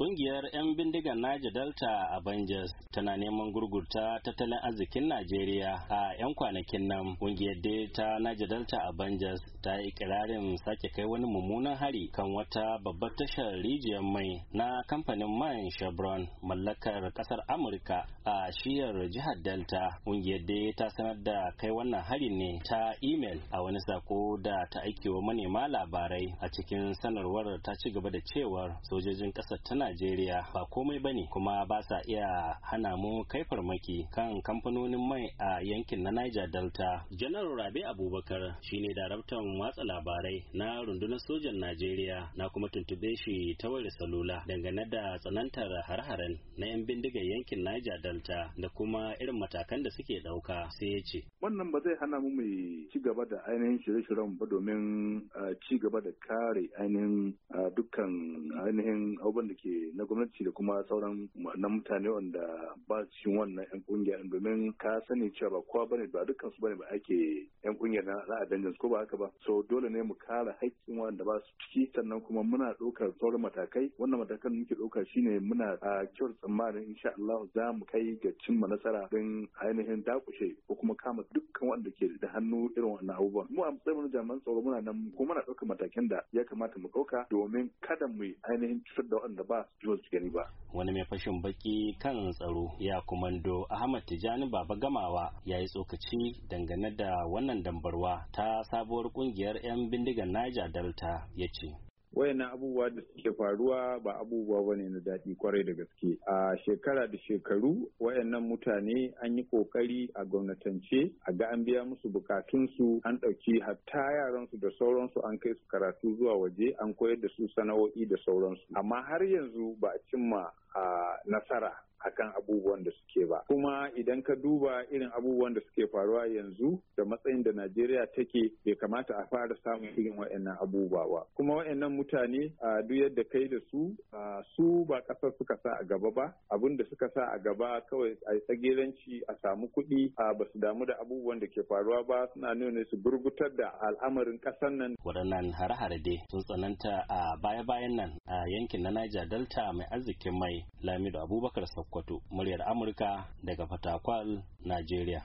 Kungiyar 'yan bindigan Niger Delta Avengers tana neman gurgurta tattalin arzikin Najeriya a 'yan kwanakin nan. Kungiyar ta Niger Delta a Avengers ta yi ƙirarin sake kai wani mummunan hari kan wata babbar tashar rijiyar mai na kamfanin man Chevron mallakar kasar Amurka a shiyar jihar Delta. Kungiyar dai ta sanar da kai wannan hari ne ta email a wani sako da ta aikewa manema labarai a cikin sanarwar ta ci gaba da cewar sojojin ƙasar tana Najeriya ba komai ba ne kuma ba sa iya hana mu kai farmaki kan kamfanonin mai a yankin na Niger Delta. Janar Rabi Abubakar shine daraktan watsa labarai na rundunar sojan Najeriya na kuma tuntube shi ta wayar salula dangane da tsanantar har-haren na 'yan bindigar yankin Niger Delta da kuma irin matakan da suke ɗauka sai ya ce. Wannan ba zai hana mu mai ci gaba da ainihin shirye-shiryen ba domin eh, ci gaba da kare ainihin eh, dukkan ainihin abubuwan da ke na gwamnati da kuma sauran na mutane wanda ba cikin wannan yan kungiya domin ka sani cewa ba kowa bane ba dukkan su bane ba ake yan kungiyar na al'adar ko ba haka ba so dole ne mu kare haƙƙin wanda ba su ciki sannan kuma muna ɗaukar sauran matakai wannan matakan muke ɗauka shine muna a kyau tsammanin insha Allah za mu kai ga cimma nasara don ainihin dakushe ko kuma kama dukkan wanda ke da hannu irin wannan abubuwan mu a matsayin jami'an tsaro muna nan kuma muna ɗaukar matakin da ya kamata mu ɗauka domin kada mu yi ainihin cutar da wanda ba su gani ba. Wani mai fashin baki kan tsaro ya kumando Ahmad Tijani Baba Gamawa ya yi tsokaci dangane da wannan dambarwa ta sabuwar kungiyar 'yan bindigar Niger Delta ya ce. wayannan abubuwa da suke faruwa ba abubuwa ba ne na daɗi kwarai da gaske a shekara da shekaru wayannan mutane an yi ƙoƙari a gwamnatance a ga an biya musu bukatunsu an ɗauki hatta yaransu da sauransu an kai su karatu zuwa waje an koyar da su sana'o'i da sauransu amma har yanzu ba a cimma a nasara akan abubuwan da suke ba kuma idan ka duba irin abubuwan da suke faruwa yanzu da matsayin da najeriya take bai kamata a fara samun irin wa'annan abubuwa ba kuma wa'annan mutane a duk yadda kai da su su ba kasar suka sa a gaba ba abin da suka sa a gaba kawai a yi tsagiranci a samu kuɗi a ba su damu da abubuwan da ke faruwa ba suna nuna su burgutar da al'amarin ƙasar nan waɗannan hare-hare dai sun tsananta a baya-bayan nan a yankin na niger delta mai arzikin mai lamido abubakar sako Sokoto. Muryar Amurka daga Fatakwal, Najeriya.